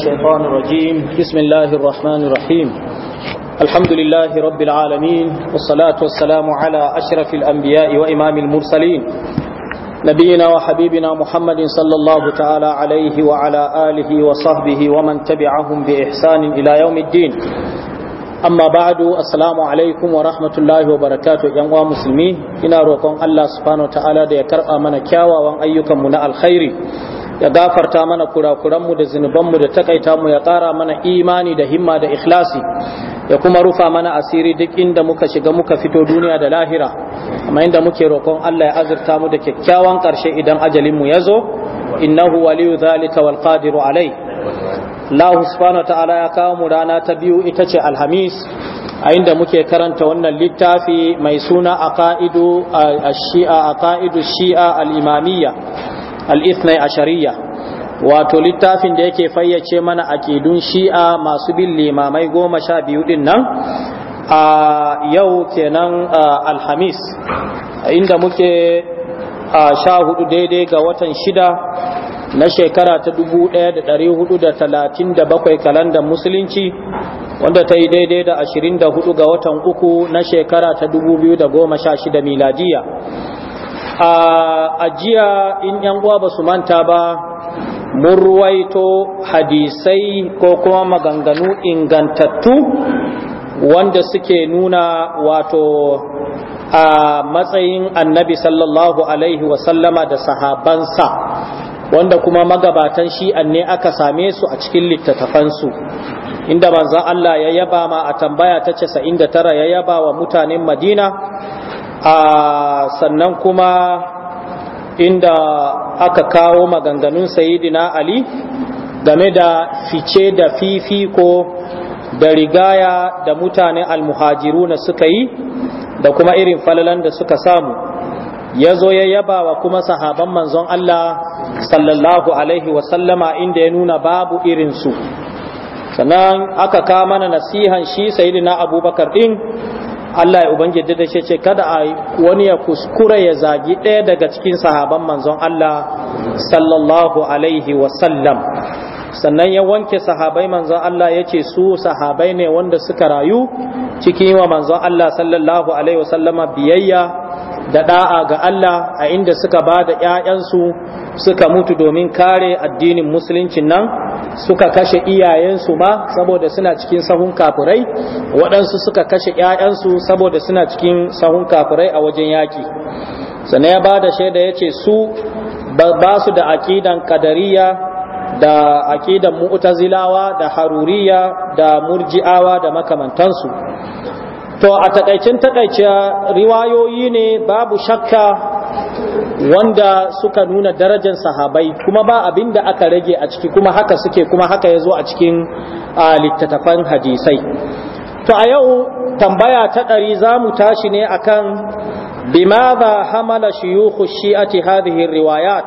الشيطان الرجيم بسم الله الرحمن الرحيم الحمد لله رب العالمين والصلاة والسلام على أشرف الأنبياء وإمام المرسلين نبينا وحبيبنا محمد صلى الله تعالى عليه وعلى آله وصحبه ومن تبعهم بإحسان إلى يوم الدين أما بعد السلام عليكم ورحمة الله وبركاته يا مسلمين إنا روكم الله سبحانه وتعالى ديكر آمنا كاوا وأن أيكم من الخير ya gafarta mana kurakuranmu da zunubanmu da takaita mu ya ƙara mana imani da himma da ikhlasi ya kuma rufa mana asiri duk inda muka shiga muka fito duniya da lahira amma inda muke roƙon Allah ya azurta mu da kyakkyawan ƙarshe idan ajalinmu ya zo innahu waliyu zalika wal qadiru alai Allah subhanahu ta'ala ya kawo mu rana ta biyu ita ce alhamis a inda muke karanta wannan littafi mai suna aqaidu shi'a aqaidu shi'a al-imamiyya al-ithnai ashariya wato littafin da yake fayyace mana aƙidun shi'a masu bin limamai goma sha biyu din nan a yau kenan alhamis inda muke a sha hudu daidai ga watan shida na shekara ta dubu ɗaya da ɗari hudu da talatin da bakwai kalandar musulunci wanda ta yi daidai da ashirin da hudu ga watan uku na shekara ta dubu biyu da goma sha shida miladiya a jiya in yan uwa ba su manta ba mun ruwaito hadisai ko kuma maganganu ingantattu wanda suke nuna wato a matsayin annabi sallallahu alaihi wasallama da sahabansa wanda kuma magabatan shi'an ne aka same su a cikin littattafansu inda manzan Allah ya yaba ma a tambaya ta tara ya yaba wa mutanen Madina A sannan kuma inda aka kawo maganganun sayidina ali game da fice da fifiko da rigaya da mutane na suka yi da kuma irin falalan da suka samu ya zo ya yaba wa kuma sahaban manzon Allah sallallahu alaihi wasallama inda ya nuna babu irinsu sannan aka kama mana nasihan shi sayidina abubakar din Allah ya ubangiji da shi ce kada a wani ya kuskura ya zagi ɗaya daga cikin sahaban manzon Allah sallallahu alaihi wasallam sannan ya wanke sahabai manzon Allah ya ce su sahabai ne wanda suka rayu cikin wa manzon Allah sallallahu alaihi wasallama biyayya da ɗa'a ga Allah a inda suka ba da ‘ya'yansu suka mutu domin kare addinin musuluncin nan suka kashe iyayensu ma saboda suna cikin sahun kafirai waɗansu suka kashe ‘ya'yansu saboda suna cikin sahun kafirai a wajen yaƙi sannan ya ba da shaida ya ce su ba su da aƙidan kadariya da aƙidan mu'tazilawa da haruriya da murji'awa da makamantansu to a takaicin takaiciya riwayoyi ne babu shakka wanda suka nuna darajar sahabai kuma ba abin da aka rage a ciki kuma haka suke kuma haka ya zo a cikin littattafan hadisai to a yau tambaya ta ɗari za mu tashi ne akan bimaza hamala shiyuhu shi'ati hadhihi riwayat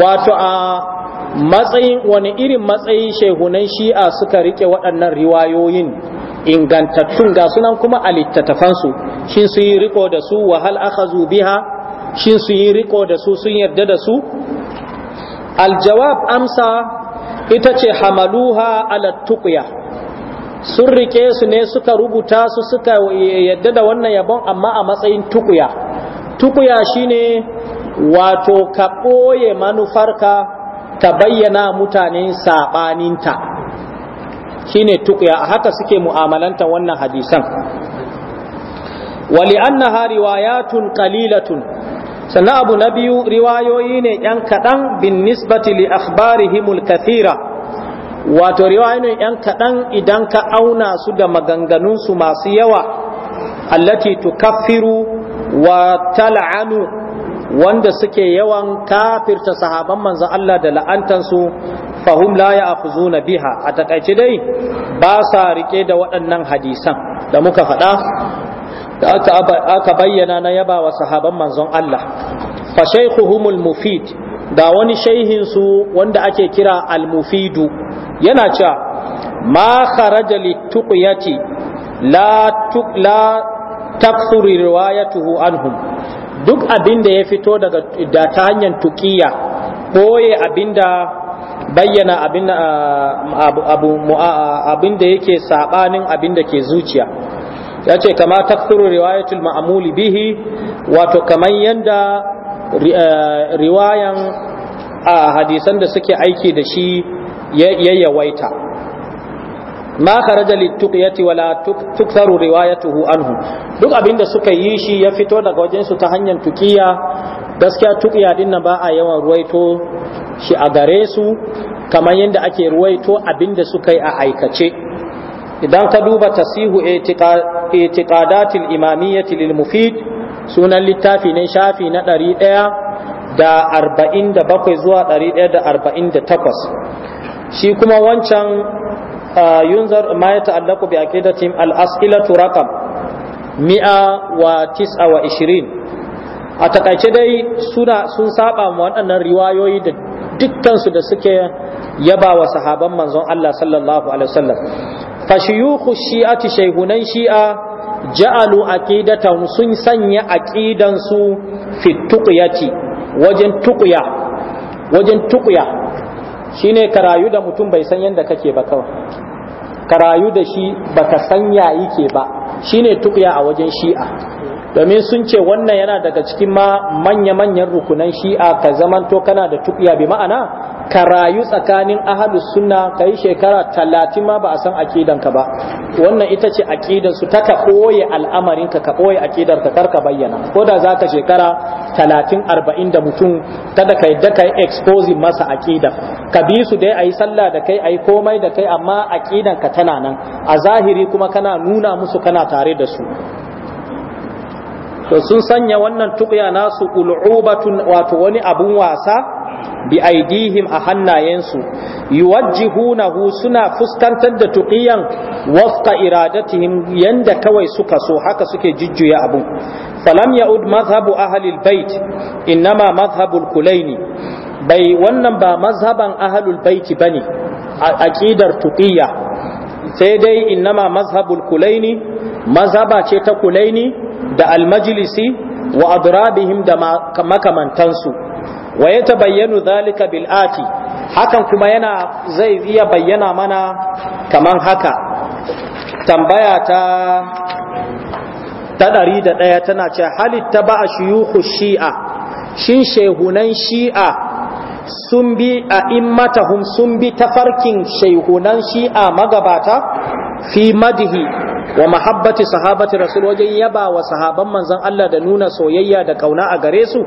wato a matsayin wani irin matsayi shehunan shi'a suka rike waɗannan riwayoyin ingantattun ga sunan kuma a littattafansu shin su yi riko da su wahal akhazu biha shin su yi riko da su sun yarda da su aljawab amsa ita ce hamaluha ala tuqya sun rike su ne suka rubuta su suka yadda da wannan yabon amma a matsayin tukuya tukuya shine wato ka ɓoye manufarka ta bayyana mutane saɓaninta shine tuƙiya a haka suke mu'amalanta wannan hadisan wali annaha riwayatun qalilatun sannan abu na biyu riwayoyi ne ‘yan kaɗan bin nisbati li akhbarihimul kathira wato riwayoyi ne ‘yan kaɗan idan ka auna su da maganganunsu masu yawa allati tukaffiru wa tal'anu wanda suke yawan kafirta sahaban manzon Allah da la'antansu fahum la ya'khuzuna biha a takaice dai ba sa riƙe da waɗannan hadisan da muka faɗa da aka bayyana na yaba wa sahaban manzon Allah fa shaykhuhumul mufid da wani shaihin su wanda ake kira al-mufidu yana cewa ma kharaja lituqyati la la takthuru riwayatuhu anhum duk abin da ya fito daga da ta hanyar tukiya ɓoye abin da bayyana abin abin da yake sabanin abin da ke zuciya ya ce kama takthuru riwayatul ma'amuli bihi wato kamar yadda riwayan hadisan da suke aiki da shi ya yawaita ma kharaja ya wala tuktharu riwayatuhu anhu duk abinda suka yi shi ya fito daga wajen su ta hanyar tukiya gaskiya tuqiya din nan ba a yawan ruwaito shi a gare su kamar yadda ake ruwaito abinda suka yi a aikace idan ka duba tasihu itiqadatil imamiyyati lil mufid sunan littafi ne shafi na ɗari ɗaya da arba'in bakwai zuwa ɗari da arba'in da takwas shi kuma wancan yunzar ma ya ta'allaku bi aqidatihim al mi'a a takaice dai suna sun saba mu waɗannan riwayoyi da dukkansu da suke yaba wa sahaban manzon Allah sallallahu alaihi wasallam fa shuyukhu shi'ati shayhunan shi'a ja'alu aqidatan sun sanya aqidan su fi tuqyati wajen tuqya wajen tuqya shine ka rayu da mutum bai san yadda kake ba kawai ka rayu da shi baka san ya yake ba ne tukya a wajen shi'a domin sun ce wannan yana daga cikin ma manya-manyan rukunan shi'a ka zamanto kana da tukya bi ma'ana ka rayu tsakanin ahalus sunna ka yi shekara talatin ma ba a san aƙidanka ba wannan ita ce aƙidansu ta ka ɓoye al'amarinka ka ɓoye aƙidarka kar ka bayyana ko da za ka shekara talatin arba'in da mutum kada ka kai da yi exposing masa aƙida ka bi su dai a yi sallah da kai a yi komai da kai amma aƙidanka tana nan a zahiri kuma kana nuna musu kana tare da su to sun sanya wannan tukya nasu ul'ubatun wato wani abun wasa bi aidihim a hannayensu yuwajjihunahu suna fuskantar da tuqiyan wafqa iradatihim yanda kawai suka so haka suke jujjuya abu falam yaud madhhabu ahli albayt inma madhhabu kulaini bai wannan ba mazhaban ahlul bait bane aqidar tuqiya sai dai inma mazhabul kulaini mazhaba ce ta kulaini da almajlisi wa adrabihim da makamantansu wa ya tabayyanu zalika bil ati hakan kuma yana zai iya bayyana mana kaman haka tambaya ta ta ɗari da ɗaya tana ce halitta ba a shiyuhu shi'a shin shehunan shi'a sun bi a immatahum sun bi tafarkin shehunan shi'a magabata fi madihi wa mahabbati sahabati rasul wajen yaba wa sahaban manzon Allah da nuna soyayya da kauna a gare su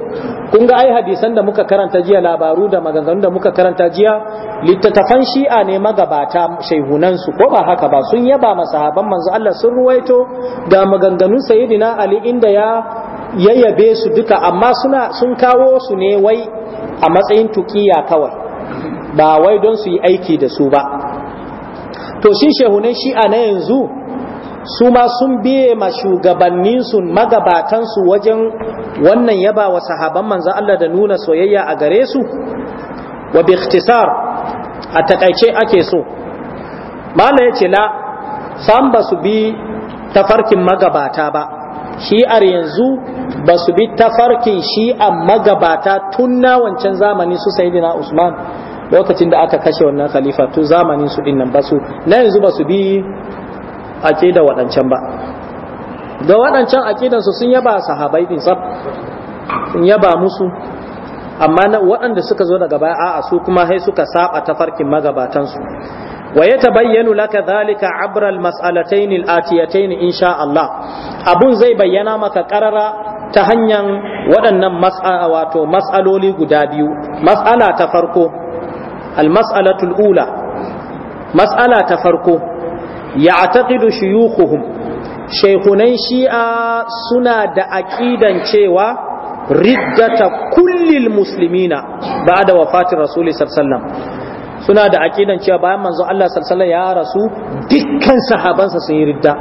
kun ga ai hadisan da muka karanta jiya labaru da maganganun da muka karanta jiya littattafan shi'a ne magabata shaihunan su ko ba haka ba sun yaba ma sahaban manzon Allah sun ruwaito Da maganganun sayyidina Ali inda ya yayyabe su duka amma suna sun kawo su ne wai a matsayin tukiya kawai ba wai don su yi aiki da su ba to shi shehunan shi'a na yanzu su ma sun biye ma shugabanninsu magabatansu wajen wannan yaba wa sahaban manzan Allah da nuna soyayya a gare su wa bi ikhtisar a takaice ake so mala yace la san ba su bi tafarkin magabata ba shi'ar yanzu ba su bi tafarkin shi'an magabata tun na wancan zamani su sayyidina usman lokacin da aka kashe wannan khalifa tun zamanin su dinnan ba su na yanzu ba su bi aqida waɗancan ba da aqidan su sun yaba sahabai din sab sun yaba musu amma na waɗanda suka zo daga baya a su kuma sai suka saba ta tafarkin magabatansu wa yatabayyanu laka dhalika abra almas'alatayn alatiyatain insha Allah abun zai bayyana maka qarara ta hanyar waɗannan mas'ala wato mas'aloli guda biyu mas'ala ta farko almas'alatul ula mas'ala ta farko ya'taqidu shuyukhuhum shaykhunan shi'a suna da aƙidan cewa riddata kullil muslimina ba'da wafatir rasuli sallallahu alaihi wasallam suna da aqidan cewa bayan manzo Allah sallallahu alaihi wasallam ya rasu dukkan sahabansa sun yi ridda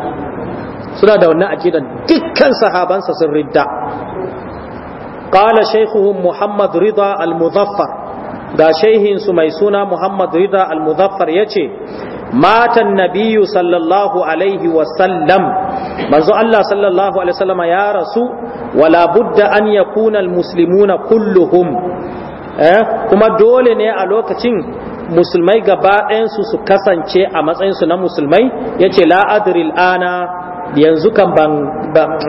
suna da wannan aqidan dukkan sahabansa sun ridda qala shaykhuhum muhammad rida al-muzaffar da shaihin mai suna muhammad rida al yace matan nabiyu sallallahu alaihi wasallam manzo Allah sallallahu alaihi wasallama ya rasu wala budda an yakuna almuslimuna kulluhum eh kuma dole ne a lokacin musulmai gaba ɗayansu su kasance a matsayinsu na musulmai yace la adril ana yanzu kan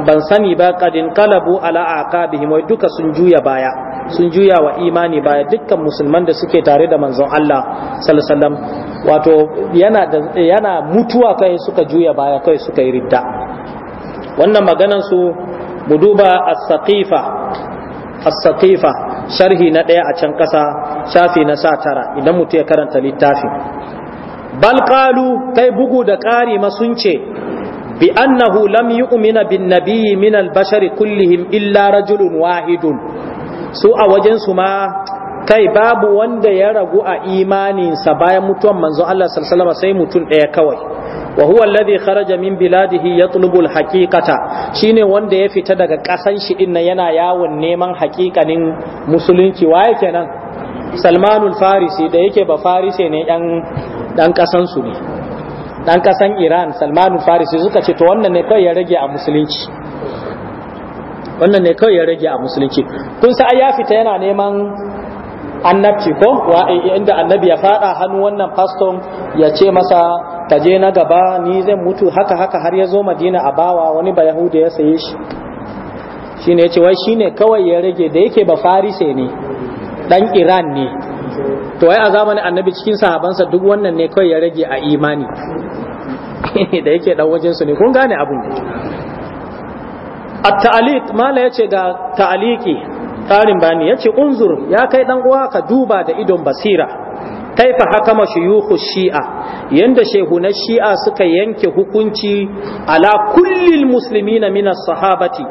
ban sani ba kadin kalabu ala aqabihim duka sun juya baya sun juya wa imani baya dukkan musulman da suke tare da manzon Allah sallallahu wato yana yana mutuwa kai suka juya baya kai suka yi ridda wannan maganan su mu duba as-saqifa as-saqifa sharhi na daya a can kasa shafi na sa tara idan mutum ya karanta littafin bal qalu kai bugu da ƙari ma sun ce bi annahu lam yu'mina bin nabiyyi min al-bashari kullihim illa rajulun wahidun su a wajen su ma kai babu wanda ya ragu a imaninsa bayan mutuwan manzon Allah sallallahu sai mutum ɗaya kawai wa huwa alladhi kharaja min biladihi yatlubu alhaqiqata shine wanda ya fita daga ƙasan shi din yana yawon neman haƙiƙanin musulunci waye kenan Salmanul Farisi da yake ba Farisi ne ɗan ɗan ƙasan su ne ɗan ƙasan Iran Salmanul Farisi suka ce to wannan ne kai ya rage a musulunci wannan ne kawai ya rage a musulunci kun sa ya fita yana neman annabci ko eh, inda annabi ya fada hannu wannan faston ya ce masa taje na gaba ni zan mutu haka haka har ya zo madina a bawa wani ba yahuda ya saye shi shine ya ce wai shine kawai ya rage da yake ba farise ne dan iran ne to wai a zamanin annabi cikin sahabansa duk wannan ne kawai ya rage a imani da yake dan wajen su ne kun gane abu. at-ta'liq mala yace ga ta'liqi tarin bani yace unzur ya kai dan uwa ka duba da idon basira kaifa hakama shuyukhu shi'a yanda shehunan shi'a suka yanke hukunci ala kullil muslimina min as-sahabati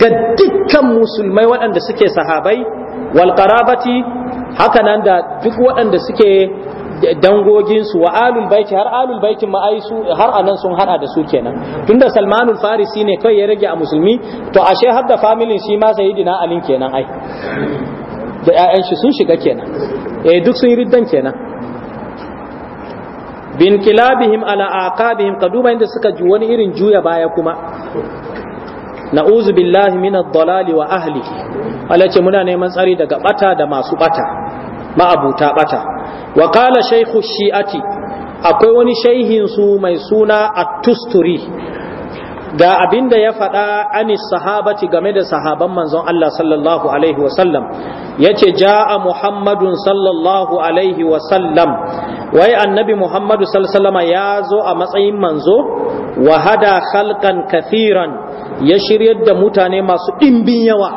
ga dukkan musulmai waɗanda suke sahabai wal qarabati haka nan da duk waɗanda suke dangoginsu wa alul baiti har alul baitin ma ai su har anan sun hada da su kenan tunda salmanul farisi ne kai ya rage a musulmi to ashe har da familin shi ma sayyidina alin kenan ai da ƴaƴan shi sun shiga kenan eh duk sun yi riddan kenan bin kilabihim ala aqabihim kaduba inda suka ji wani irin juya baya kuma na'uzu billahi minadh dalali wa ahli. alace muna neman tsari daga bata da masu bata ma'abuta bata wa qala shaykhu shi'ati akwai wani shaihin su mai suna at-tusturi ga abinda ya faɗa ani sahabati game da sahaban manzon Allah sallallahu alaihi wasallam yace ja'a muhammadun sallallahu alaihi sallam, wai annabi muhammadu sallallahu ya zo a matsayin manzo wa hada khalqan kathiran ya shiryar da mutane masu ɗimbin yawa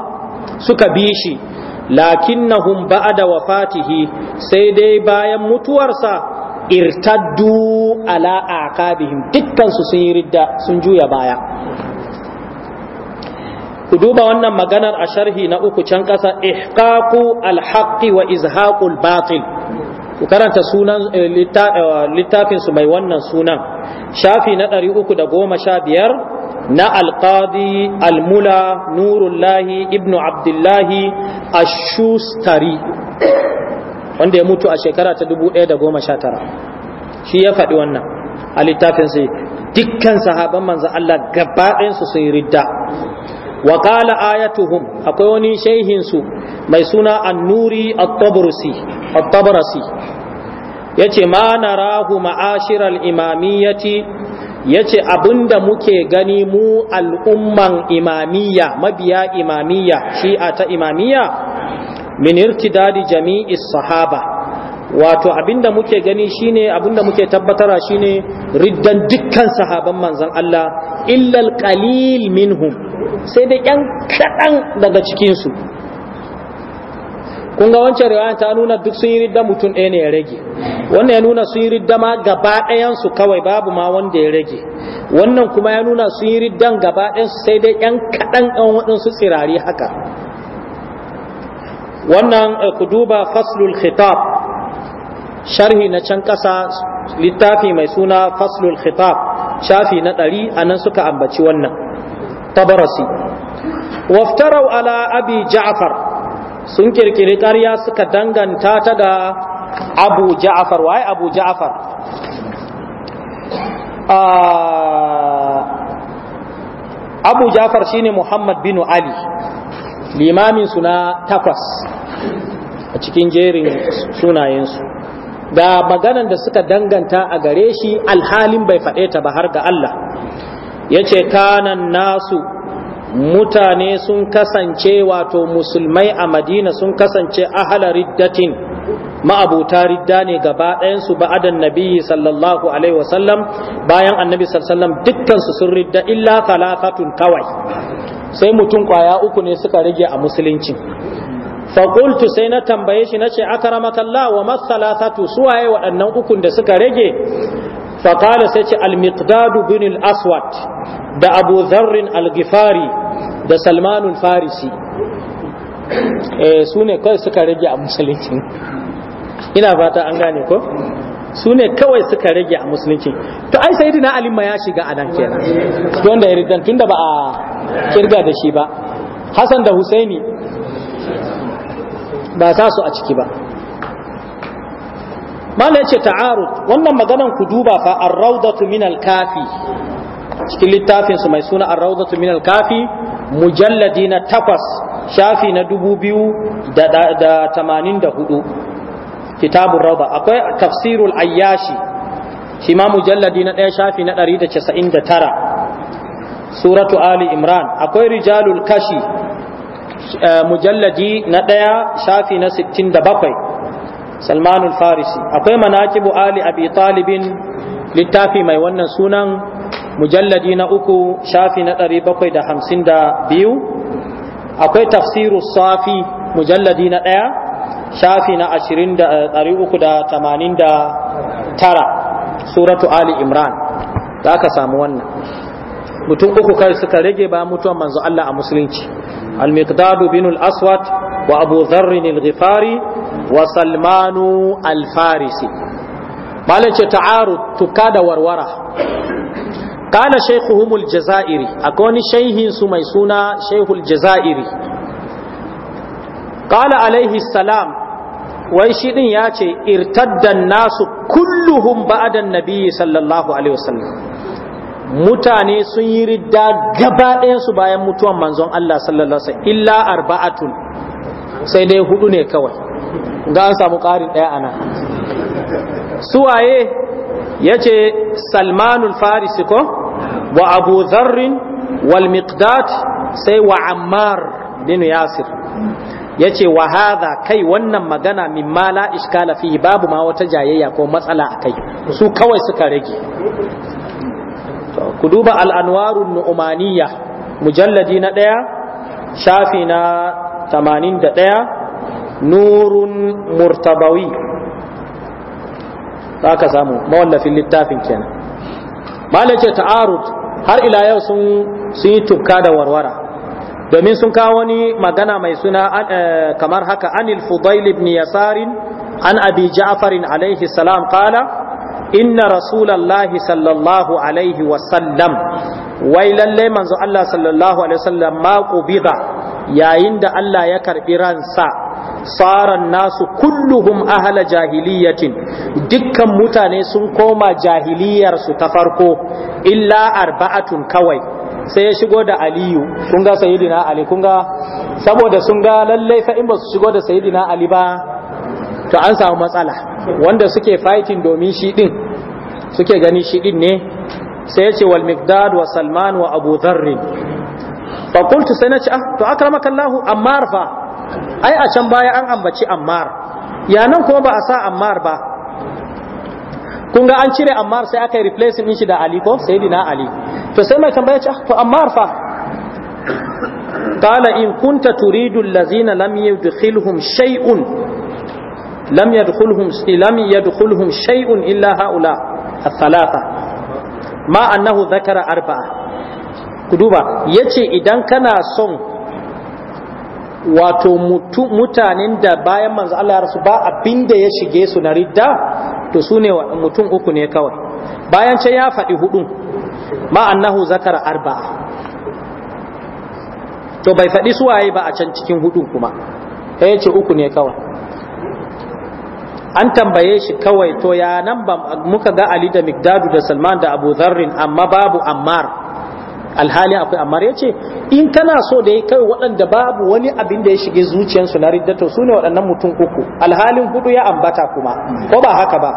suka bi shi lakinnahum ba'da wafatihi sai dai bayan mutuwarsa irtaddu ala aqabihim dukkan su sun yi ridda sun juya baya ku duba wannan maganar a sharhi na uku can ƙasa ihqaqu alhaqqi wa izhaqul batil ku karanta sunan eh, eh, littafin su mai wannan sunan shafi na 315 na alqadi almula nurullahi ibnu abdullahi ashustari wanda ya mutu a shekara ta 1019 shi ya faɗi wannan a littafin sai dukkan sahaban manzo Allah gaba su yi ridda wa qala ayatuhum akwai wani shaihinsu su mai suna annuri nuri at-tabrasi yace ma narahu ma'ashir al-imamiyyati yace abinda muke gani mu al'umman imamiyya mabiya imamiyya shi'a ta imamiyya min irtidadi jami'is sahaba wato abinda muke gani shine abinda muke tabbatara shine riddan dukkan sahaban manzon Allah illal qalil minhum sai da yan kaɗan daga cikin su kun ga wancan riwaya ta nuna duk sun yi ridda mutum ɗaya ne ya rage wannan ya nuna sun yi ridda ma gaba su kawai babu ma wanda ya rage wannan kuma ya nuna sun yi riddan gaba su sai dai ƴan kaɗan ɗan waɗansu tsirari haka wannan eh, ku duba faslul khitab sharhi na can ƙasa littafi mai suna faslul khitab shafi na ɗari a nan suka ambaci wannan tabarasi waftarau ala abi ja'far sun kirkiri ƙarya suka danganta ta da abu ja'afar waye abu ja'afar ah, abu ja'afar shine muhammad bin ali limamin suna takwas a cikin jerin sunayensu da maganan da suka danganta a gare shi alhalin bai faɗe ta ba har ga Allah ya ce kanan nasu mutane sun kasance wato musulmai a madina sun kasance ahala riddatin ma'abuta ridda ne gaba ɗayansu ba'adan nabi sallallahu alaihi wasallam bayan annabi sallallahu dukkansu sun ridda illa talafatun kawai sai mutum kwaya uku ne suka rage a musulunci faƙultu sai na tambaye shi na ce akaramakallah wa masalasatu suwaye waɗannan ukun da suka rage faƙala sai ce almiqdadu bin al’aswat aswad da abu zarrin algifari da Salmanun farisi eh, su ne kawai suka rage a musulunci ina fata an gane ko su ne kawai suka rage a musulunci to ai sai dina alimma ya shiga a nan kenan wanda ya ridan tun da ba a kirga da shi ba hasan da husaini ba sa su a ciki ba mala ta'arut, ta'arud wannan maganan ku duba fa ar raudatu min al-kafi cikin littafin su mai suna ar raudatu min al-kafi mujalladi na takwas shafi na dubu biyu da tamanin da hudu kitabun rauda akwai tafsirul ayyashi shi ma mujalladi na ɗaya shafi na ɗari da casa'in da tara suratu ali imran akwai rijalul kashi mujalladi na ɗaya shafi na 67 salmanul farisi akwai manakibu ali abi talibin littafi mai wannan sunan mujalladi na uku shafi na 752 akwai tafsiru safi mujalladi na ɗaya shafi na 389 suratu ali imran za ka samu wannan mutum uku kai suka rage ba mutuwan manzo Allah a musulunci al binul bin al-aswad wa abu dharr al-ghifari wa salmanu al-farisi malan ce ta'arud tuka da warwara kana shaykhuhum al-jazairi akwai wani su mai suna shaykhul jazairi Kana alaihi salam wai shi din ya ce irtaddan nasu kulluhum ba'da an-nabi sallallahu alaihi wasallam mutane sun yi ridda gaba su bayan mutuwan manzon Allah sallallahu alaihi illa arba'atun sai dai hudu ne kawai ga an samu ƙarin ɗaya ana suwaye yace salmanul farisi ko wa abu dharrin wal miqdad sai wa ammar bin yasir yace wa hadha kai wannan magana min mala iskala fi babu ma wata jayayya ko matsala a kai? su kawai suka rage ku duba al'anwarun nu'umaniya mujalladi na ɗaya shafi na tamanin da ɗaya nurun murtabawi za ka samu mawallafin littafin kenan malai ce ta'arud har ila yau sun yi tukka da warwara domin sun kawo wani magana mai suna eh, kamar haka anil fudail ibn yasarin an abi ja'farin alaihi salam qala inna rasulallahi sallallahu alaihi wasallam wai lallai manzo Allah sallallahu alaihi wasallam ma qubida yayin da Allah ya karbi ransa saran nasu kulluhum ahla jahiliyatin dukkan mutane sun koma jahiliyar su ta farko illa arba'atun kawai sai ya shigo da aliyu kun ga sayyidina ali kun ga saboda sun ga lallai fa in ba su shigo da sayyidina ali ba to an samu matsala wanda suke fighting domin shi din suke gani shi din ne sai ya ce wal miqdad wa salman wa abu dharr fa qultu sai na ce ah to akramaka allah ammar fa ai a can baya an ambaci ammar ya nan kuma ba a sa ammar ba kun ga an cire ammar sai aka yi replacing din shi da ali ko sayyidina ali to sai mai tambaya ce ah, to ammar fa قال إن كنت تريد الذين لم يدخلهم شيء lam yadkhuluhum lam yadkhuluhum shay'un illa haula al-thalatha ma annahu dhakara arba'a ku duba yace idan kana son wato mutanen da bayan manzo Allah ya rasu ba abinda ya shige su na ridda to su ne mutum uku ne kawai bayan ce ya faɗi hudun ma annahu zakara arba'a to bai faɗi suwaye ba a can cikin hudu kuma ya ce uku ne kawai an tambaye shi kawai to ya nan ba muka ga Ali da Mikdadu da Salman da Abu Dharrin amma babu Ammar alhali akwai Ammar yace in kana so da kai waɗanda babu wani abin da ya shige zuciyarsu na riddato sune waɗannan mutum uku alhalin hudu ya ambata kuma ko ba haka ba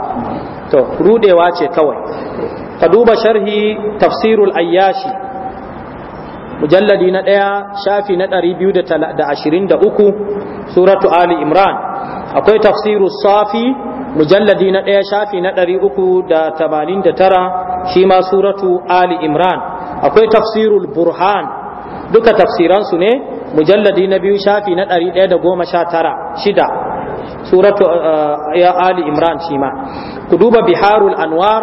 to rudewa ce kawai ka duba sharhi tafsirul ayyashi mujalladi na ɗaya shafi na ɗari uku suratu ali imran akwai tafsiru safi mujalladi na ɗaya shafi na ɗari uku da tamanin da tara shi ma suratu ali imran akwai tafsirul burhan duka tafsiransu ne mujalladi na biyu shafi na ɗari ɗaya da goma sha tara shida suratu eh, ya ali imran shi ma ku duba biharul anwar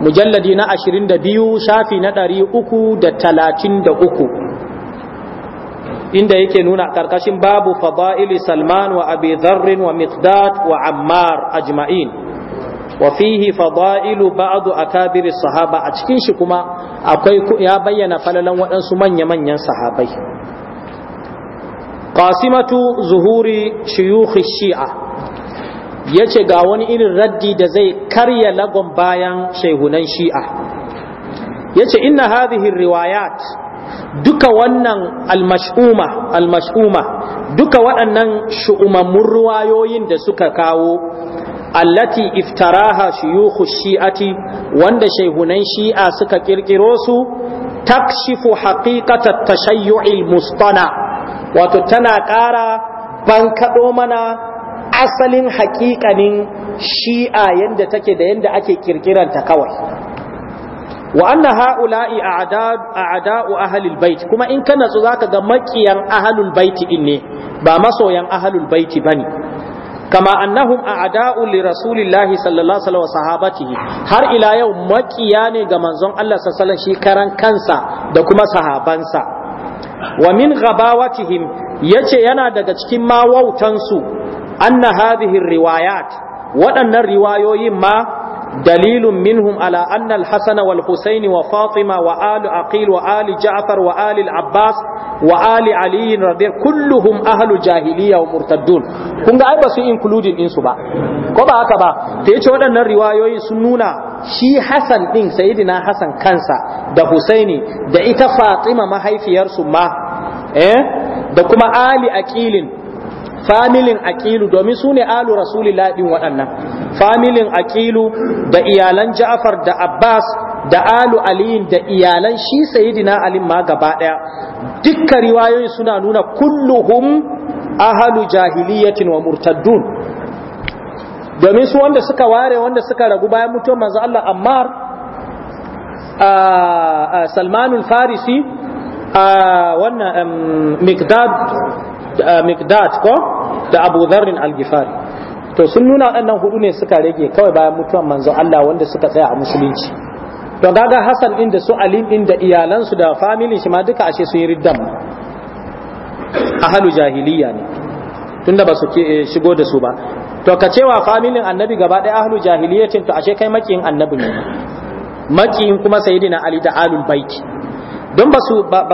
mujalladi na ashirin da biyu shafi na ɗari uku da talatin da uku inda yake nuna ƙarƙashin babu fada'ili salman wa abi wa miqdad wa ammar ajma'in wa fihi fada'ilu ba'du akabiri sahaba a cikin shi kuma akwai ya bayyana falalan waɗansu manya-manyan sahabai qasimatu zuhuri shuyukhi shi'a yace ga wani irin raddi da zai karya lagon bayan shehunan shi'a yace inna hadhihi riwayat duka wannan almash'uma almash'uma duka waɗannan shu'umammun ruwayoyin da suka kawo allati iftaraha shuyukhu shi'ati wanda shaihunan shi'a suka kirkiro su takshifu haƙiƙata tashayyu'il mustana wato tana ƙara bankaɗo mana asalin haƙiƙanin shi'a yadda take da yadda ake kirkiranta kawai wa anna ha'ula'i a'da'u ahlil bait kuma in ka natsu zaka ga makiyan ahlul bait din ne ba masoyan ahlul bait bane kama annahum a'da'u li rasulillahi sallallahu alaihi wa sahabatihi har ila yau makiya ne ga manzon Allah sallallahu alaihi shi karan kansa da kuma sahabansa wa min ghabawatihim yace yana daga cikin mawautansu anna hadhihi riwayat waɗannan riwayoyin ma dalilun minhum ala anna al-hasan wa fatima wa ali aqil ja'far wa ali al-abbas wa ali ali radiyallahu kulluhum ahlu jahiliya wa murtaddun kun ga ai ba su including din ba ko ba haka ba da yace waɗannan riwayoyi sun nuna shi Hassan ɗin saidina Hassan kansa da husaini da ita fatima mahaifiyarsu ma eh da kuma ali aqilin familin aqilu domin sune alu alu rasulillahi waɗannan familin aqilu da iyalan ja'far da abbas da alu aliyin da iyalan shi na ali ma gaba daya dukkan riwayoyi suna nuna kulluhum ahalu jahiliyatin wa murtaddun domin su wanda suka ware wanda suka ragu bayan mutuwar manzo Allah Ammar Salmanul Farisi wannan Miqdad Miqdad ko da Abu Dharr al-Ghifari to sun nuna waɗannan hudu ne suka rage kawai bayan mutuwan manzon Allah wanda suka tsaya a musulunci to gaga Hassan din da su Ali din da iyalansu da family shi ma duka ashe sun yi riddam ahalu jahiliya ne tunda ba su eh, shigo da su ba to ka cewa familin annabi gaba ɗaya ahalu jahiliyacin to ashe kai makiyin annabi ne makiyin kuma sayyidina Ali da alul baiti don ba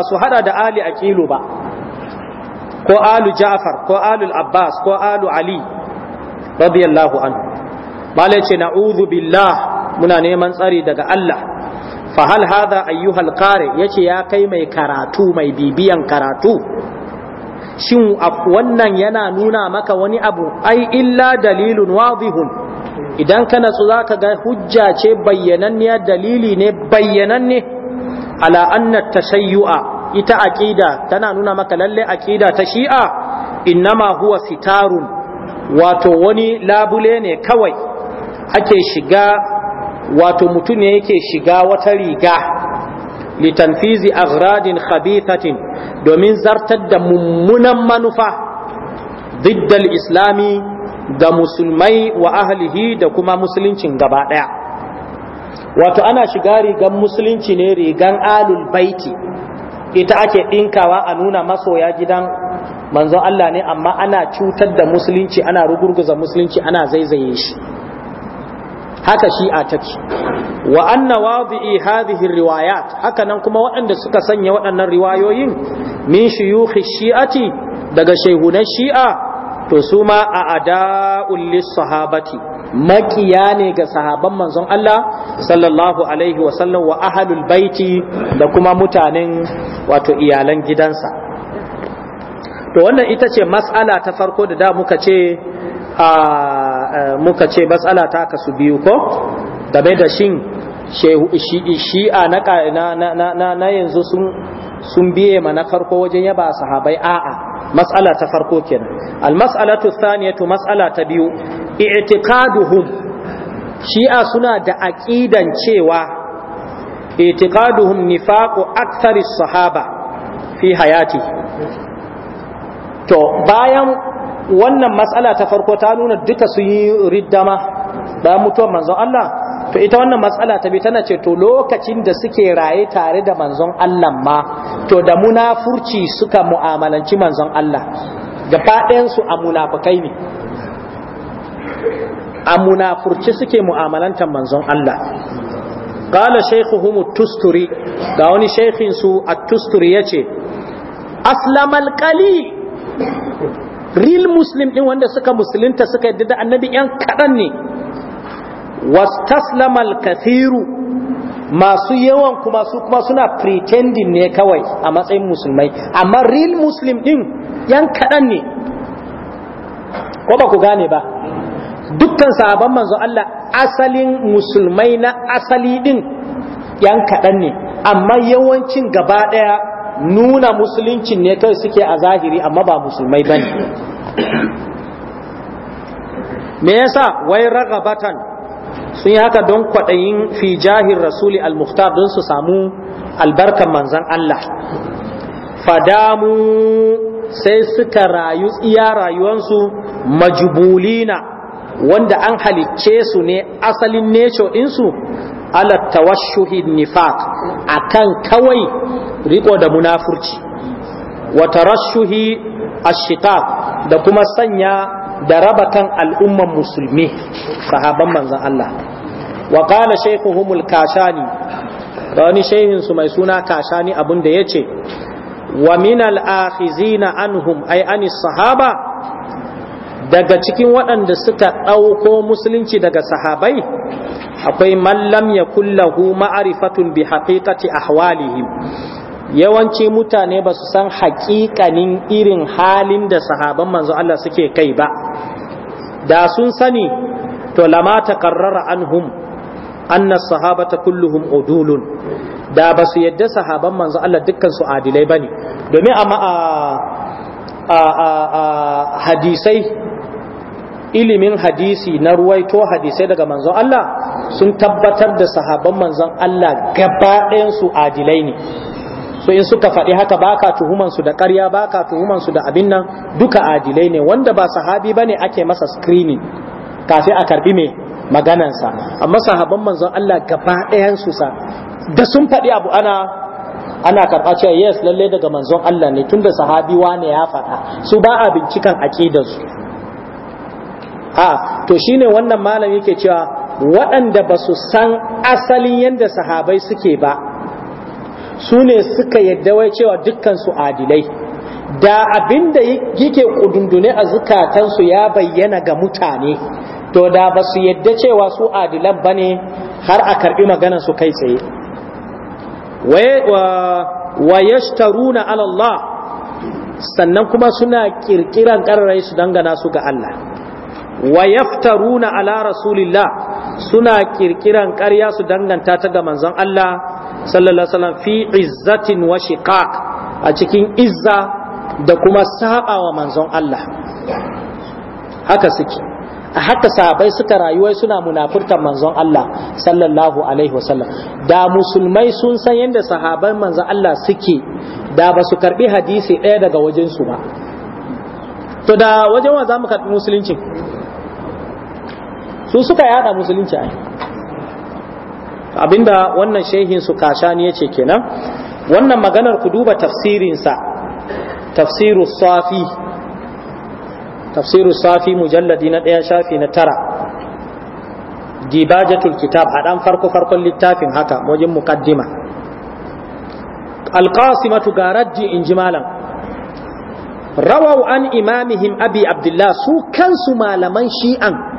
su hada da Ali aqilu ba ko alu Ja'far ko alul Abbas ko alu Ali radiyallahu anhu malai ce na'udhu billah muna neman tsari daga Allah fa hal hadha ayyuhal qari yace ya kai mai karatu mai bibiyan karatu shin wannan yana nuna maka wani abu ai illa dalilun wadihun idan ka natsu za ka ga hujja ce bayyananne dalili ne bayyananne ala anna tashayyu'a ita aqida tana nuna maka lalle aqida ta shi'a innama huwa sitarun wato wani labule ne kawai ake shiga wato mutum ne yake shiga wata riga litanfizi aghradin khabithatin domin zartar da mummunan manufa diddal islami ga musulmai wa ahlihi da kuma musuluncin gaba daya wato ana shiga rigan musulunci ne rigan alul baiti ita ake ɗinkawa a nuna masoya gidan manzon Allah ne amma ana cutar da musulunci ana rugurguza musulunci ana zaizaye shi haka shi a take wa anna wadi'i hadhihi riwayat haka nan kuma waɗanda suka sanya waɗannan riwayoyin min shuyukhi shi'ati daga shaihunan shi'a to su ma a ada'ul sahabati makiya ne ga sahaban manzon Allah sallallahu alaihi wa sallam wa ahlul baiti da kuma mutanen wato iyalan gidansa to wannan ita ce matsala ta farko da da muka ce a muka ce mas'ala ta kasu biyu ko game da shin shi'a na na yanzu sun sun biye ma na farko wajen yaba sahabai a'a mas'ala ta farko kenan al mas'alatu thaniyatu mas'ala ta biyu i'tiqaduhum shi'a suna da aqidan cewa i'tiqaduhum nifaqu aktsari sahaba fi hayati to bayan wannan matsala ta farko ta nuna duka su yi riddama bayan mutuwar manzon Allah to ita wannan matsala ta bi tana ce to lokacin da suke raye tare da manzon Allah ma to da munafurci suka mu'amalanci manzon Allah gaba su a munafukai ne a munafurci suke mu'amalantar manzon Allah kala shaykhuhum at-tusturi ga wani shaykhin su at-tusturi yace aslamal real muslim din wanda suka musulunta suka yadda da annabi yan kaɗan ne wastaslama al-kathiru masu yawan kuma su kuma suna pretending ne kawai a matsayin musulmai amma real muslim din yan kaɗan ne ko ba ku gane ba dukkan sahabban manzon Allah asalin musulmai na asali din yan kaɗan ne amma yawancin gaba ɗaya nuna musuluncin ne kai suke a zahiri amma ba musulmai ba ne me yasa wai ragabatan sun yi haka don kwaɗayin fi jahir rasuli al-mukhtar don su samu albarkan manzan Allah fadamu sai suka rayu tsiya rayuwansu majubulina wanda an halicce su ne asalin neco ɗinsu ala tawashuhin nifaq akan kawai riko da munafurci wa a ashiqaq da kuma sanya da raba kan al'umman musulmi sahaban manzon Allah wa qala shaykhuhumul kashani wani shehin su mai suna kashani abunda ya ce wa min ahizina anhum ay anis sahaba daga cikin waɗanda suka ɗauko musulunci daga sahabai akwai mallam lam yakul ma'arifatun bi haqiqati ahwalihim yawanci mutane ba su san haƙiƙanin irin halin da sahaban manzo Allah suke kai ba da sun sani to lama karrara anhum anna sahabata kulluhum udulun da ba su yadda sahaban manzo Allah dukkan su adilai bane domin amma a hadisai ilimin hadisi na ruwaito hadisai daga manzo Allah sun tabbatar da sahaban manzon Allah gaba su adilai ne so in suka faɗi haka baka tuhuman su da ƙarya baka tuhuman su da abin nan duka adilai ne wanda ba sahabi bane ake masa screening kafi a karbi mai maganansa amma sahabban manzon Allah gaba ɗayan su sa da sun faɗi abu ana ana karɓa cewa yes lalle daga manzon Allah ne tunda sahabi wane ya faɗa su ba a bincikan aqidar su a to shine wannan malami yake cewa waɗanda ba su san asalin yadda sahabai suke ba su ne suka yadda wai cewa dukkan su adilai da abin da yake kudundune a zukatansu ya bayyana ga mutane to da ba su yadda cewa su adilan ba ne har a karbi maganar su kai tsaye wa yashtaruna ala Allah sannan kuma suna kirkiran karrai su dangana su ga Allah wa yaftaruna ala rasulillah suna kirkiran ƙarya su danganta ta ga manzon Allah sallallahu wasallam fi izzatin wa shiqaq a cikin izza da kuma saba wa manzon Allah haka suke a haka sahabai suka rayuwai suna munafurtar manzon Allah sallallahu alaihi wasallam da musulmai sun san yadda sahaban manzon Allah suke da ba su karbi hadisi ɗaya daga wajensu ba to da wajen wa za mu karbi musulunci su suka yada musulunci ai abinda wannan shehin su Kasha ni yace kenan wannan maganar ku duba tafsirinsa tafsiru safi safi mujalladi na ɗaya shafi na tara dibajatul kitab a ɗan farko farkon littafin haka wajen mukaddima alƙasimatu garaji injimalan in malam rawau an imamihim abi abdullah su kansu malaman shi'an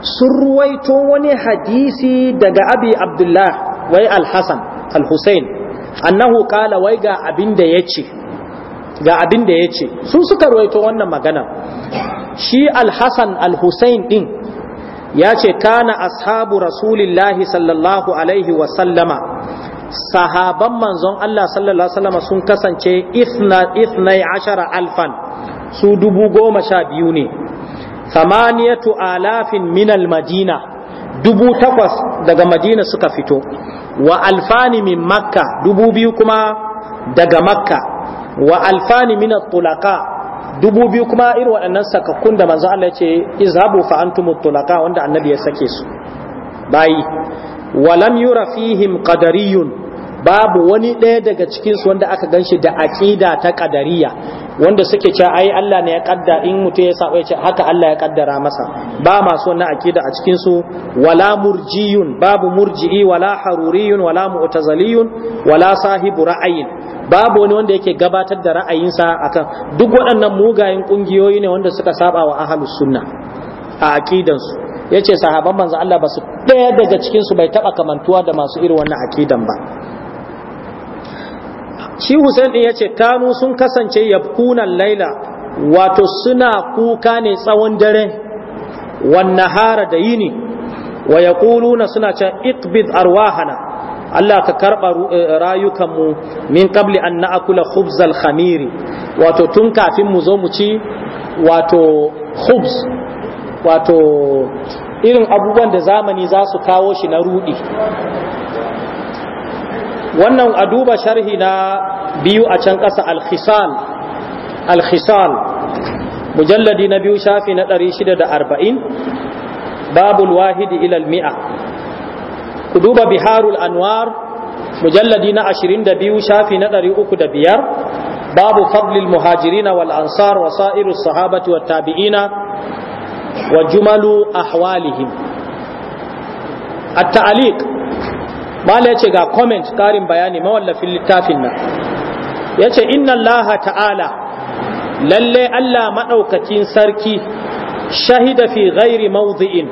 sun ruwaito wani hadisi daga abi abdullah wai al-hasan al annahu kala wai ga abin da ya ce ga ya ce su suka ruwaito wannan magana shi al-hasan al-husain din ya ce kana ashabu rasulillahi sallallahu alaihi wasallama sahaban manzon Allah sallallahu alaihi wasallama sun kasance ifna ifnai ashara alfan su dubu goma sha biyu ne thamaniyatu alafin minal madina dubu takwas daga madina suka fito wa alfani min makka dubu biyu kuma daga makka wa alfani min tulaka dubu biyu kuma irin waɗannan sakakkun da manzo Allah ya ce izhabu fa antum tulaka wanda annabi ya sake su bayi wa lam yura fihim qadariyun babu wani ɗaya daga cikinsu wanda aka ganshi da aƙida ta ƙadariya wanda suke cewa ai Allah ne ya kaddara in mutum ya saba ya ce haka Allah ya kaddara masa ba masu wannan aƙida a cikin su wala murjiyun babu murji'i wala haruriyun wala mu'tazaliyun wala sahibu ra'ayin babu wani wanda yake gabatar da ra'ayinsa akan duk waɗannan mugayen ƙungiyoyi ne wanda suka saba wa ahlus sunna a aƙidansu yace sahaban manzo Allah ba su ɗaya daga cikin su bai taba kamantuwa da masu irin wannan aƙidan ba shi Hussein din yace kanu sun kasance yabkunan laila wato suna kuka ne tsawon dare wan nahara da yini wa yaquluna suna ce iqbid arwahana Allah ka karɓa eh, rayukanmu min qabli an na'kula khubzal khamiri wato tun kafin mu zo mu ci wato khubz wato irin abubuwan da zamani za su kawo shi na rudi wannan a duba sharhi na biyu a can ƙasa alkhisal alkhisal mujalladi na biyu shafi na 640 babul wahidi ilal mi'a ku duba biharul anwar mujalladi na 22 shafi na 305 babu fadlil muhajirina wal ansar wa sa'iru sahabati wat tabi'ina wa jumalu ahwalihim at mala ya ce ga comment karin bayani mawallafin littafin nan ya ce inna allaha ta'ala lalle allah maɗaukacin sarki shahida fi ghairi mawdi'in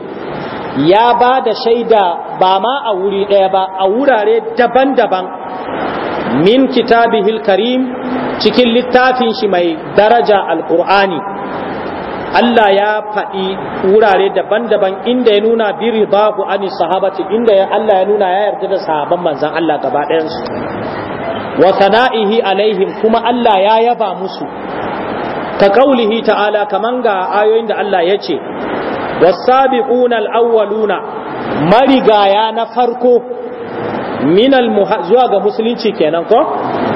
ya ba da shaida ba ma a wuri ɗaya ba a wurare daban-daban min kitabihil karim cikin littafin shi mai daraja alkur'ani Allah ya faɗi wurare daban-daban inda ya nuna biri babu ani sahabati inda Allah ya nuna ya yarda da sahaban manzan Allah gaba ɗayansu wa sana'ihi alaihim kuma Allah ya yaba musu ka kaulihi ta'ala kaman ga ayoyin da Allah ya ce wasabiquna alawwaluna marigaya na farko minal zuwa ga musulunci kenan ko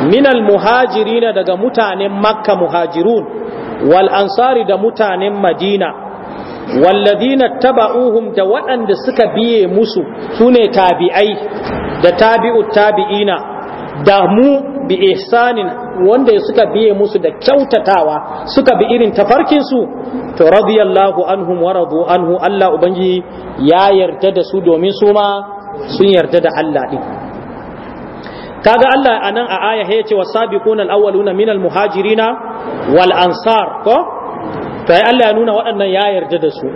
minal muhajirina daga mutanen makka muhajirun wal ansari da mutanen madina walladina taba'uhum da waɗanda suka biye musu sune tabi'ai da tabi'u tabi'ina da mu bi ihsanin wanda suka biye musu da kyautatawa suka bi irin tafarkinsu, su to radiyallahu Anhu wa radu anhu Allah ubangiji ya yarda da su domin suma, sun yarda da Allah din kaga Allah anan a aya ya ce wasabiquna alawwaluna minal muhajirina wal ansar ko to ai Allah ya nuna waɗannan ya yarda da su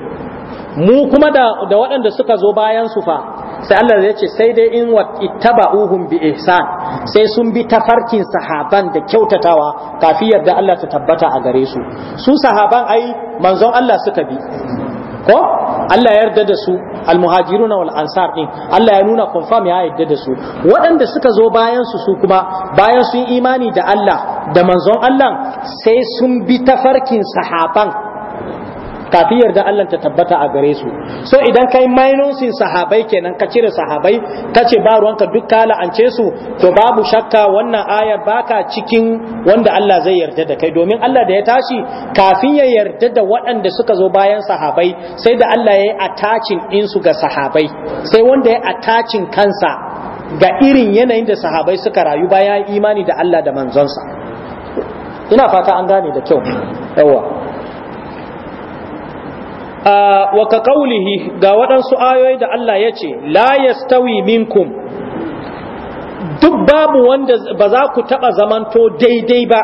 mu kuma da waɗanda suka zo bayan su fa sai Allah ya ce sai dai in wa ittaba'uhum bi ihsan sai sun bi tafarkin sahaban da kyautatawa kafiyar da Allah ta tabbata a gare su su sahaban ai manzon Allah suka bi ko Allah ya yarda da su almuhajiruna wal ansar din Allah ya nuna confirm ya yarda da su waɗanda suka zo bayan su su kuma bayan sun imani da Allah da manzon Allah sai sun bi tafarkin sahaban kafin yarda Allah ta tabbata a gare su so idan kai minusin sahabai kenan ka cire sahabai ka ce ba ruwanka duk ka la'ance su to babu shakka wannan ayar baka cikin wanda Allah zai yarda da kai domin Allah da ya tashi kafin ya yarda da waɗanda suka zo bayan sahabai sai da Allah ya yi attaching in su ga sahabai sai wanda ya attaching kansa ga irin yanayin da sahabai suka rayu bayan imani da Allah da manzonsa ina fata an gane da kyau yawa Ah, wa ka ga waɗansu ayoyi da Allah ya ce la yastawi minkum duk babu wanda ba za ku taɓa zamanto daidai ba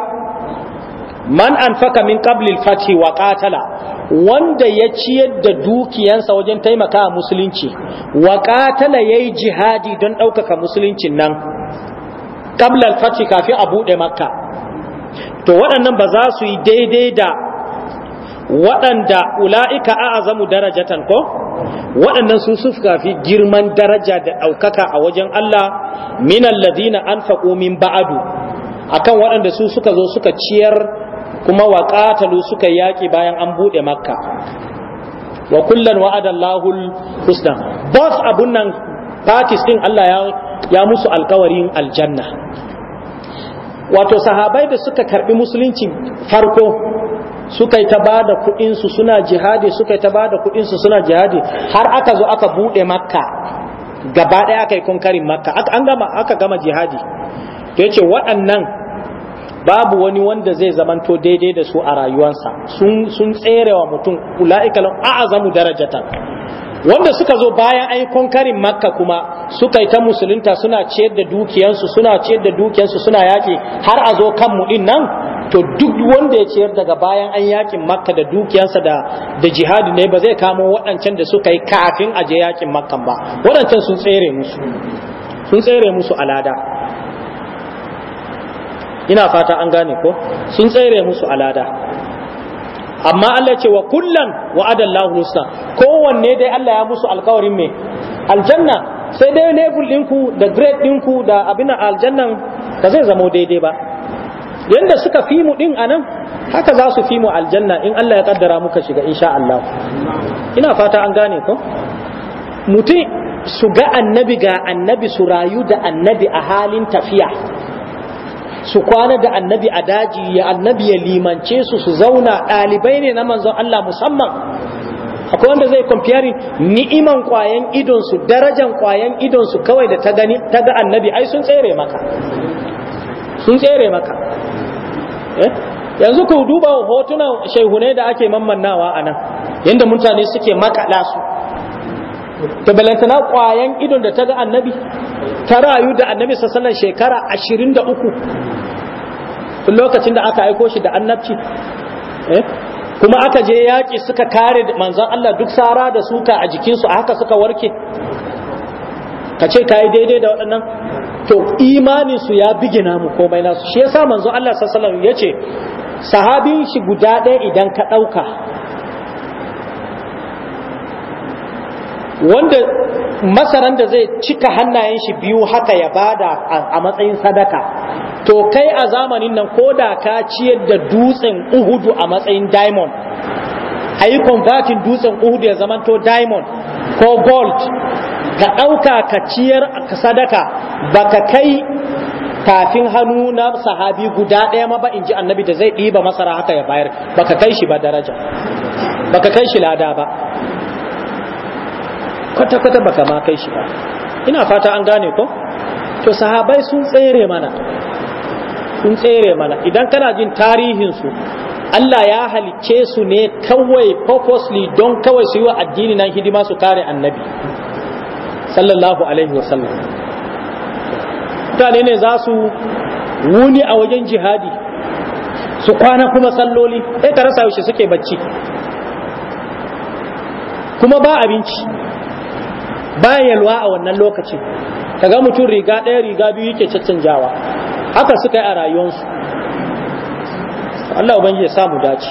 man an faka min qablil fati wa ƙatala, wanda ya ciyar da dukiyansa wajen taimaka musulunci wa ya yi jihadi don ɗaukaka musuluncin nan qablal fathi kafin a buɗe makka to waɗannan ba za su yi daidai da waɗanda ula'ika azamu darajatan ko waɗannan sun sufka fi girman daraja da ɗaukaka a wajen Allah minan ladina an min ba'adu akan waɗanda su suka zo suka ciyar kuma wa ƙatalu suka yaƙi bayan an buɗe makka wa kullum lahul husna bas abun nan Fatis ɗin Allah ya musu alkawarin aljanna wato sahabai da suka karɓi musulunci farko suka yi ta ba da kuɗinsu suna jihadi suka yi ta ba da kuɗinsu suna jihadi har aka zo aka buɗe makka gaba ɗaya aka yi kunkarin makka an gama aka gama jihadi to yace waɗannan babu wani wanda zai zamanto daidai da su a rayuwarsa sun tserewa mutum ula'ika a'azamu darajatan wanda suka zo bayan an yi konkarin makka kuma suka yi ta musulunta suna ciyar da dukiyansu suna ciyar da dukiyansu suna yaƙi har a zo kanmu din nan to duk wanda ya ciyar daga bayan an yakin makka da dukiyansa da da jihadi ne ba zai kamo waɗancan da suka yi kafin a je yakin makkan ba waɗancan sun tsere musu sun tsere musu alada ina fata an gane ko sun tsere musu alada amma Allah ce wa kullan wa adallahu husna kowanne dai Allah ya musu alkawarin me aljanna sai dai level ɗinku da grade ɗinku da abin aljannan ba zai zamo daidai ba yanda suka fi mu din anan haka za su fi mu aljanna in Allah ya kaddara muka shiga insha Allah ina fata an gane ko mutum su ga annabi ga annabi su rayu da annabi a halin tafiya su kwana da annabi a daji ya annabi ya limance su su zauna ɗalibai ne na manzon Allah musamman akwai wanda zai comparing ni'iman kwayan idon darajan kwayan idon kawai da ta gani ta ga annabi ai sun tsere maka sun tsere maka eh? yanzu ku duba hotunan shaihunai da ake mammannawa a nan yadda mutane suke makala su ta na kwayan idon da ta ga annabi ta rayu da annabi sallallahu shekara 23 lokacin da aka aiko shi da annabci eh? kuma aka je yaƙi suka kare manzon Allah duk tsara da suka a jikinsu a haka suka warke ka ce ka yi daidai da waɗannan to imaninsu ya bigina mu komai nasu shi yasa manzon Allah sassanar ya ce sahabin shi guda ɗaya idan ka ɗauka wanda masaran da zai cika hannayen shi biyu haka ya bada a matsayin sadaka to kai a zamanin nan ko da ka ciyar da dutsen uhudu a matsayin diamond a yi dutsen uhudu ya zamanto diamond ko gold ka ɗauka ka ciyar sadaka baka kai tafin hannu na sahabi guda ɗaya ma ba in ji annabi da zai ɗiba masara haka ya bayar baka kai shi ba daraja baka kai shi lada ba kwata-kwata baka ma kai shi ba ina fata an gane ko to sahabai sun tsere mana sun tsere mana idan kana jin tarihinsu Allah ya halicce su ne kawai purposely don kawai su yi wa addini na hidima su kare annabi sallallahu alaihi wasallam mutane ne za su wuni a wajen jihadi su kwana kuma salloli sai ka rasa yaushe suke bacci kuma ba abinci ba yalwa a wannan lokacin ga mutum riga ɗaya riga biyu yake caccanjawa haka suka yi a rayuwarsu Allah ubangi ya samu dace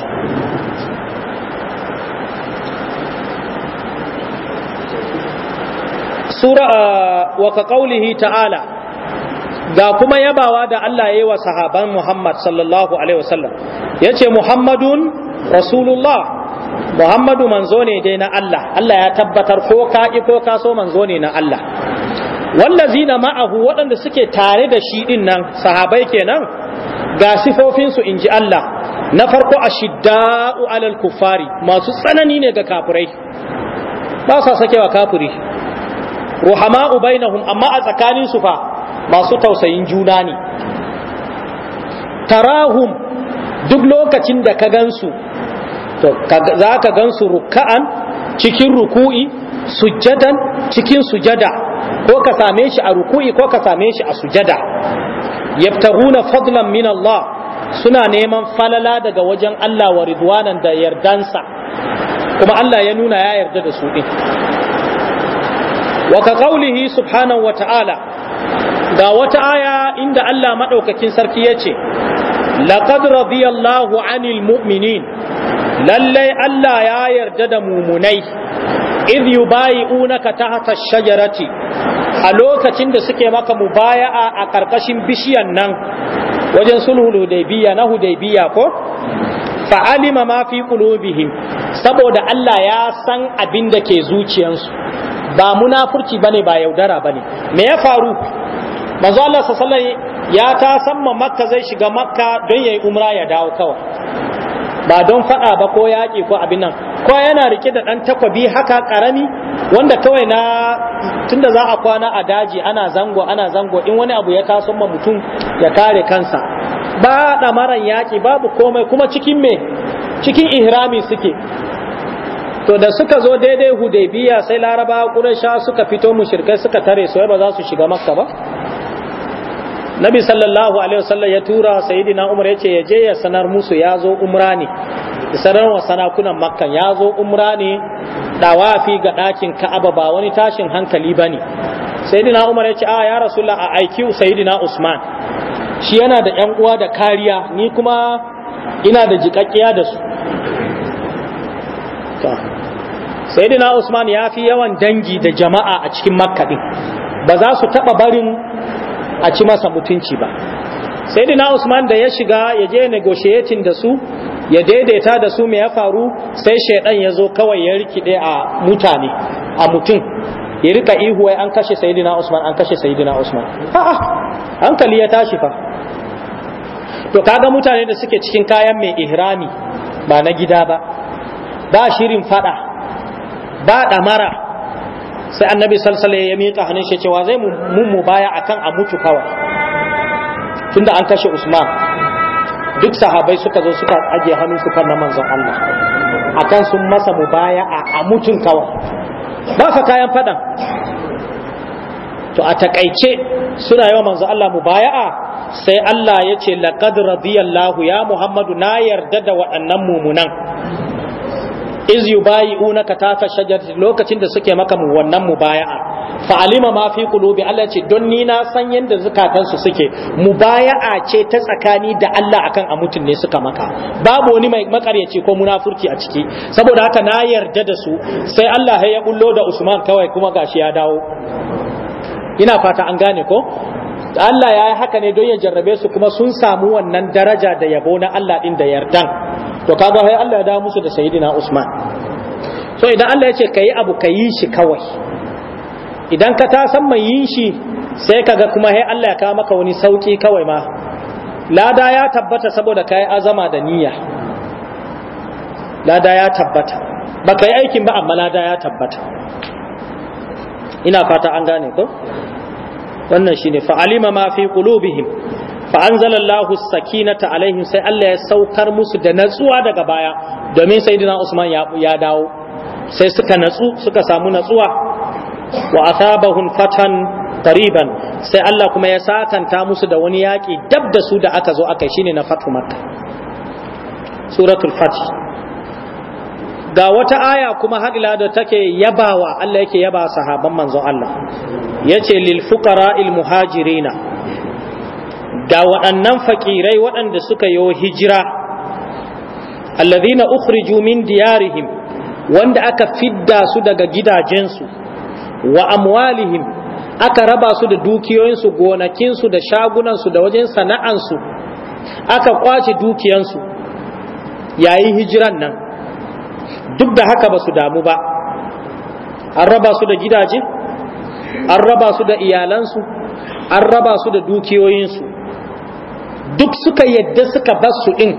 sura wa ka ta'ala ga kuma yabawa da Allah ya yi wa sahaban Muhammad sallallahu alaihi wasallam ce Muhammadun rasulullah Muhammadu manzo ne dai na Allah Allah ya tabbatar ko ka ki ko ka so manzo ne na Allah wallazina ma'ahu waɗanda suke tare da shi din nan sahabai kenan ga sifofin su inji Allah na farko ashidda'u alal kufari masu tsanani ne ga kafurai, ba sa sake sakewa kafiri ruhama'u bainahum amma a tsakanin su fa masu tausayin juna ne tarahum duk lokacin da ka gansu to za ka gan su ruka'an cikin ruku'i sujadan cikin sujada ko ka same shi a ruku'i ko ka same shi a sujada yabtaguna fadlan min Allah suna neman falala daga wajen Allah wa ridwanan da yardansa kuma Allah ya nuna ya yarda da su din wa ka qaulihi subhanahu wa ta'ala ga wata aya inda Allah madaukakin sarki yace laqad radiyallahu anil mu'minin lallai Allah ya yarda da mumunai idh yubai'unaka tahta ash-shajarati a lokacin da suke maka mubaya'a a karkashin bishiyan nan wajen sulhul hudaybiyya na hudaybiyya ko fa alima ma fi qulubihim saboda Allah ya san abin da ke zuciyansu ba munafurci bane ba yaudara bane me ya faru manzo Allah sallallahu ya ta samma makka zai shiga makka don yayi umra ya dawo kawai ba don faɗa ba ko yaƙi ko abin nan ko yana rike da ɗan takwabi haka ƙarami wanda kawai na tunda za a kwana a daji ana zango ana zango in wani abu ya taso ma mutum ya kare kansa ba maran yaƙi babu komai kuma cikin me cikin ihrami suke to da suka zo daidai hudaybiya sai laraba sha suka fito mushirkai suka tare su ba za su shiga makka ba nabi sallallahu alaihi wasallam ya tura sayyidina umar yace ya je ya sanar musu ya zo umra ne sanar wa sanakunan makkan ya zo umra ne dawafi ga ɗakin ka'aba ba wani tashin hankali bane sayyidina umar yace a ah, ya rasulullah a aiki sayyidina usman shi yana da yan uwa da kariya ni kuma ina da jikakkiya da su sayyidina usman ya fi yawan dangi da jama'a a cikin makka din ba za su taba barin a ci masa mutunci ba sai dina usman da ya shiga ya je negotiating da su ya daidaita da su me ya faru sai shaidan ya zo kawai ya rikide a mutane a mutum ya rika ihu wai an kashe sayyidina usman an kashe sayyidina usman a'a hankali ya tashi fa to kaga mutane da suke cikin kayan mai ihrami ba na gida ba ba shirin fada ba damara sai annabi salsale ya miƙa hannun shi cewa zai mun baya akan a mutu kawai tunda an kashe usman duk sahabai suka zo suka ajiye hannun su kan manzon Allah akan sun masa mu a mutun kawai ba fa kayan fadan to a takaice suna yawa manzo Allah mubaya'a sai Allah ya ce laqad radiyallahu ya Muhammadu na yarda da waɗannan mumunan iz ka tata shajar lokacin da suke maka mu wannan mubaya'a fa alima ma fi qulubi Allah ce don ni na san yanda zakatan su suke mubaya'a ce ta tsakani da Allah akan a mutun ne suka maka babu wani mai makaryaci ko munafurci a ciki saboda haka na yarda da su sai Allah ya bullo da Usman kawai kuma gashi ya dawo ina fata an gane ko Allah ya yi haka ne don ya jarrabe su kuma sun samu wannan daraja da yabo na Allah din da yardan to kaga sai Allah ya dawo musu da sayyidina Usman so idan Allah ya ce kayi abu yi shi kawai idan ka ta san mai yin shi sai kaga kuma sai Allah ya kawo maka wani sauki kawai ma lada ya tabbata saboda kai azama da niyya lada ya tabbata baka yi aikin ba amma lada ya tabbata ina fata an gane ko wannan shine fa alima ma fi qulubihim fa anzala Allahu sakinata alaihim sai Allah ya saukar musu da natsuwa daga baya domin sayyidina Usman ya ya dawo sai suka natsu suka samu natsuwa wa athabahum fatan qariban sai Allah kuma ya sakanta musu da wani yaki dab da su da aka zo aka shine na Fatu Makka suratul Fath ga wata aya kuma har ila da take yabawa Allah yake yaba sahaban manzon Allah yace lil fuqara al muhajirina ga waɗannan fakirai waɗanda suka yi hijira alladhina ukhriju min diyarihim wanda aka fidda su daga gidajensu wa amwalihim aka raba su da dukiyoyinsu gonakinsu da shagunansu da wajen sana'ansu aka kwace dukiyansu yayin hijiran nan duk da haka ba su damu ba an raba su da gidaje an raba su da iyalansu an raba su da dukiyoyinsu duk suka yadda suka basu din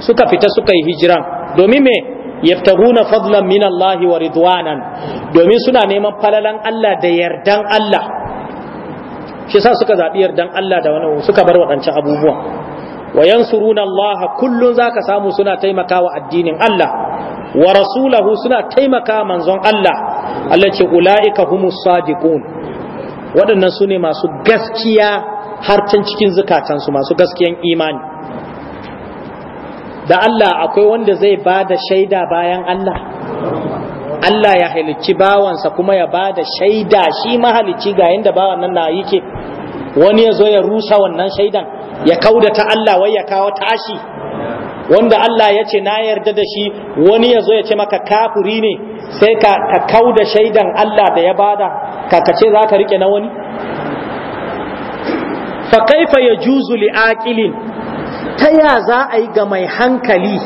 suka fita suka yi hijira domin me yaftaguna fadlan min Allah wa ridwanan domin suna neman falalan Allah da yardan Allah shi sa suka zabi yardan Allah da wannan suka bar wadancan abubuwa wa Allah kullun zaka samu suna taimakawa addinin Allah wa rasulahu suna taimaka manzon Allah Allah ce ula'ika humus sadiqun waɗannan su ne masu gaskiya har can cikin zukatansu masu gaskiyan imani da Allah akwai wanda zai ba da shaida bayan Allah Allah ya halicci bawansa kuma ya ba da shaida shi mahalicci ga yadda bawan nan na yake wani ya zo ya rusa wannan shaidan ya kauda ta Allah wai ya kawo tashi wanda Allah ya ce na yarda da shi wani ya zo ya ce maka kafuri ne sai ka kau da shaidan Allah da ya bada ka kace za ka rike na wani fa kaifa yajuzu li aqilin ta ya za a yi ga mai hankali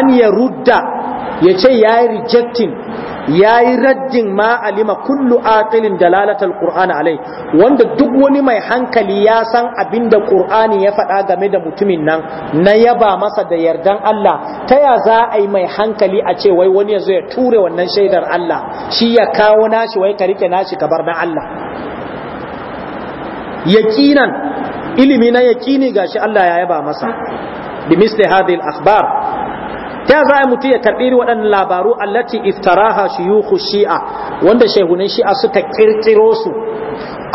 an ya rudda ya ce ya yi rejecting yayi raddin ma alima kullu aqilin dalalatal qur'ani alai wanda duk wani mai hankali ya san abinda qur'ani ya faɗa game da mutumin nan na yaba masa da yardan Allah ta ya za a yi mai hankali a ce wai wani yazo ya ture wannan shaidar Allah shi ya kawo nashi wai ka rike nashi ka bar na Allah yaqinan ilimi na ga shi Allah ya yaba masa bimisli hadhihi al-akhbar ta za a mutu ya karɓi waɗannan labaru allati iftaraha shuyukhu shi'a wanda shehunan shi'a suka kirkiro su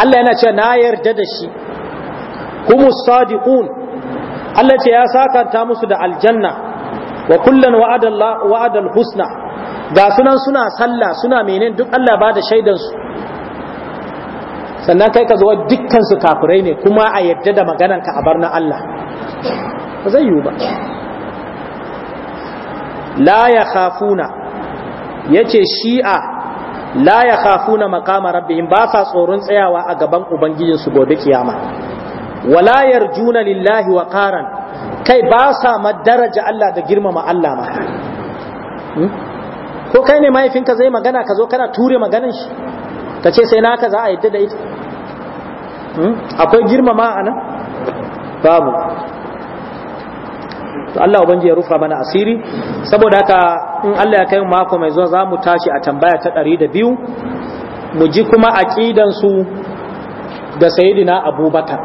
Allah yana cewa na yarda da shi kuma sadiqun Allah ce ya sakanta musu da aljanna wa kullan wa'ada husna ga sunan suna sallah suna menene duk Allah ba da shaidan su sannan kai ka zo dukkan su kafirai ne kuma a yarda da maganan ka a barna Allah ba zai yiwu ba la ya khafuna yace shi'a la ya khafuna maqama rabbihim ba sa tsoron tsayawa a gaban ubangijin su gobe kiyama wala yarjuna lillahi wa qaran kai ba sa madaraja Allah da girmama Allah ma hmm? ko kai ne mahaifinka zai magana ka zo kana ture maganin shi ka ce sai naka za a yadda da ita hmm? akwai girmama a nan babu to Allah ubangiji ya rufa mana asiri saboda haka in Allah ya kai mu mako mai zuwa zamu tashi a tambaya ta 200 mu ji kuma aqidan su da sayyidina Abubakar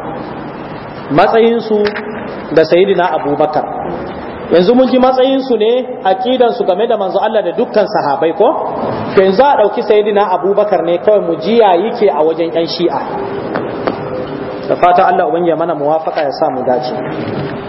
matsayin su da sayyidina Abubakar yanzu mun ji matsayin su ne aqidan su game da manzo Allah da dukkan sahabbai ko to yanzu a dauki sayyidina Abubakar ne kawai mu ji ya yake a wajen yan Shi'a da fata Allah ubangiji mana muwafaka ya sa mu dace